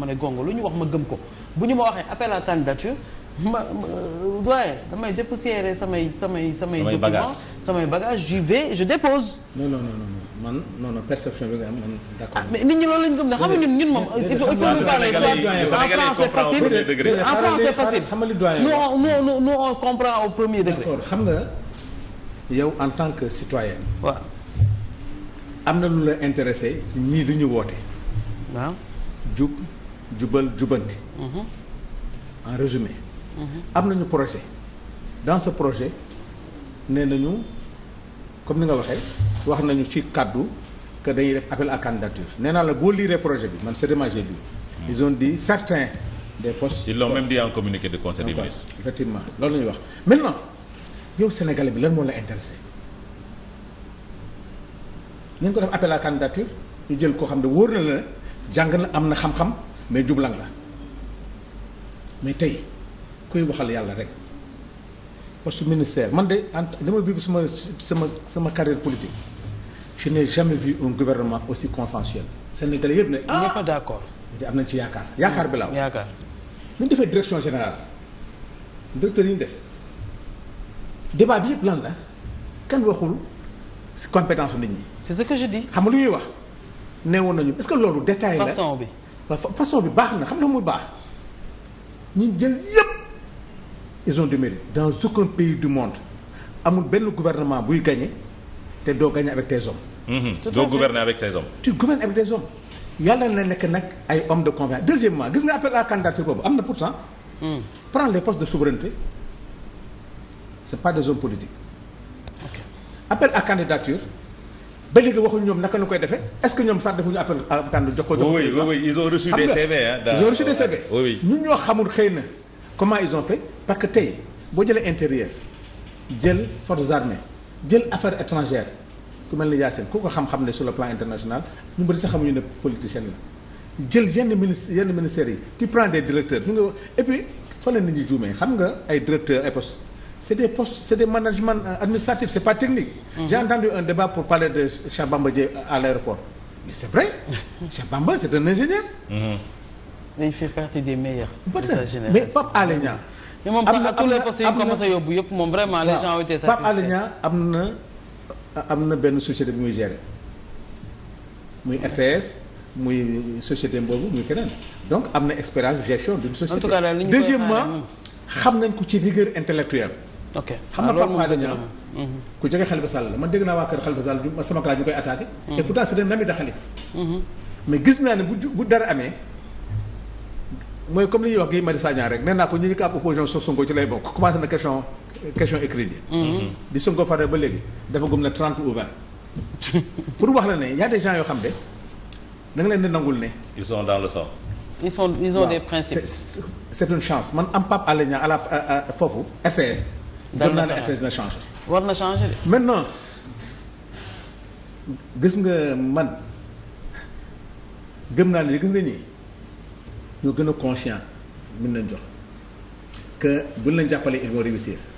ma ne gongo lu ñu wax ma gëm ko bu ñu ma waxee appel à candidature ma doyen damay dépoussiérer samay samay samay documents samay bagages j'y vais je dépose non non man non non perception bi nga am man d'accord ah, mais nit ñi loolu lañ gëm ne xam nga ñun ñun moom il faut nous parler en français en français au premier degré d'accord xam nga yow en tant que citoyen waaw am na lu la intéressé ci ñii lu ñu woote waaw jub jubal jubanti. Mhm. en résumé. Mhm. am nañu projet. dans ce projet nee nañu comme ni nga waxee wax nañu ci kàddu que dañuy def appel à candidature nee naa la boo liiree projet bi man c'est bi lu mhm. ils ont dit certains des postes. ils l'ont même communiqué de conseil des ministres. loolu la ñuy wax maintenant yow Sénégalais bi lan moo la intéressé nañ ko def appel à candidature ñu jël koo xam ne wóor na la jàng na am na xam-xam. mais jublang la mais tey koy waxal yàlla rek poste ministère man de en dama vivre sama sama sama carrière politique je n'ai jamais vu un gouvernement aussi consensuel Sénégalais yëpp ne ah, ah! ñëpp d'accord te am nañ ci yaakaar yaakaar bi laaw yaakaar ñu defee direction générale directeur yi ñu def débat bi yëpp lan la kan waxul compétence nit ñi c'est ce lu ñuy wax neewoon nañu est-ce que loolu détail la façon bi la façon bi baax na xam nga muy baax ñi jël yépp ils ont du mérite dans aucun pays du monde amul benn gouvernement buy gagné te doo gagné avec tes hommes. Mhm. doo gouverner avec ses hommes. tu gouvernes avec tes hommes. yàlla na nekk nag ay hommes de confiance deuxièmement gis nga appel à candidature boobu am na pourtant. Hmm. prends les postes de souveraineté c'est pas des hommes politiques. ok appel à candidature. ba léegi waxuñ ñoom naka la koy defee est-ce que ñoom sax defuñu appel à tànn jox ko jox ko oui oui ils ont reçu des CV hein ils ont reçu des CV ñun ñoo xamul xëy na comment ils ont fait parce que tey boo jëlee intérieur jël forces armées jël affaires étrangères ku mel ni Yacine ku ko xam-xam ne sur le plan international ñu bëri sax xamuñu ne politicien la jël yenn ministre yenn ministères yi tu prends des directeurs ñu nga wax puis fa la nit ñi juumee xam nga ay directeurs ay c'est des postes c'est des managements euh, administratifs c'est pas technique. Mm -hmm. j'ai entendu un débat pour parler de Cheikh Bamba Dièye à l'aéroport mais c'est vrai Cheikh Bamba c'est un ingénieur. Mhm. il fait partie des meilleurs. mais Pape Alé am na am na tous les postes yëpp moom vraiment les gens ont été am na am na benn société bu muy gérer muy RTS. muy société boobu muy keneen donc am na expérience gestion d'une société. en tout cas deuxièmement xam nañ ko ci rigueur intellectuelle ok xam nga ah, Pape Alé Niang ku jege Khalifa Sall la man dégg naa waa kër Khalifa Sall du sama classe ñu koy attaqué. Mm-hmm. et pourtant c'est un ami de Khalifa. Mm-hmm. mais gis naa ne bu ju bu dara amee mooy comme li ñuy wax Guy Marius Sagna rek nee naa ko ñu ngi ko ab opposition so Sonko ci lay bokk commencé na question question écrite yi. Mm-hmm. bi Sonko faree ba léegi dafa gum na trente ou vingt. pour wax la ne y a des gens yoo xam ne da nga leen di nangul ne. ils sont dans le sang. ils sont ils ont des principes. c'est chance man am Pape Alé foofu RTS. gëm naa ne RTS na changé. war na changé de. maintenant gis nga man gëm naa ne gis nga ñii ñoo gën a conscient mën nañ jox que buñ leen jàppalee ils vont réussir.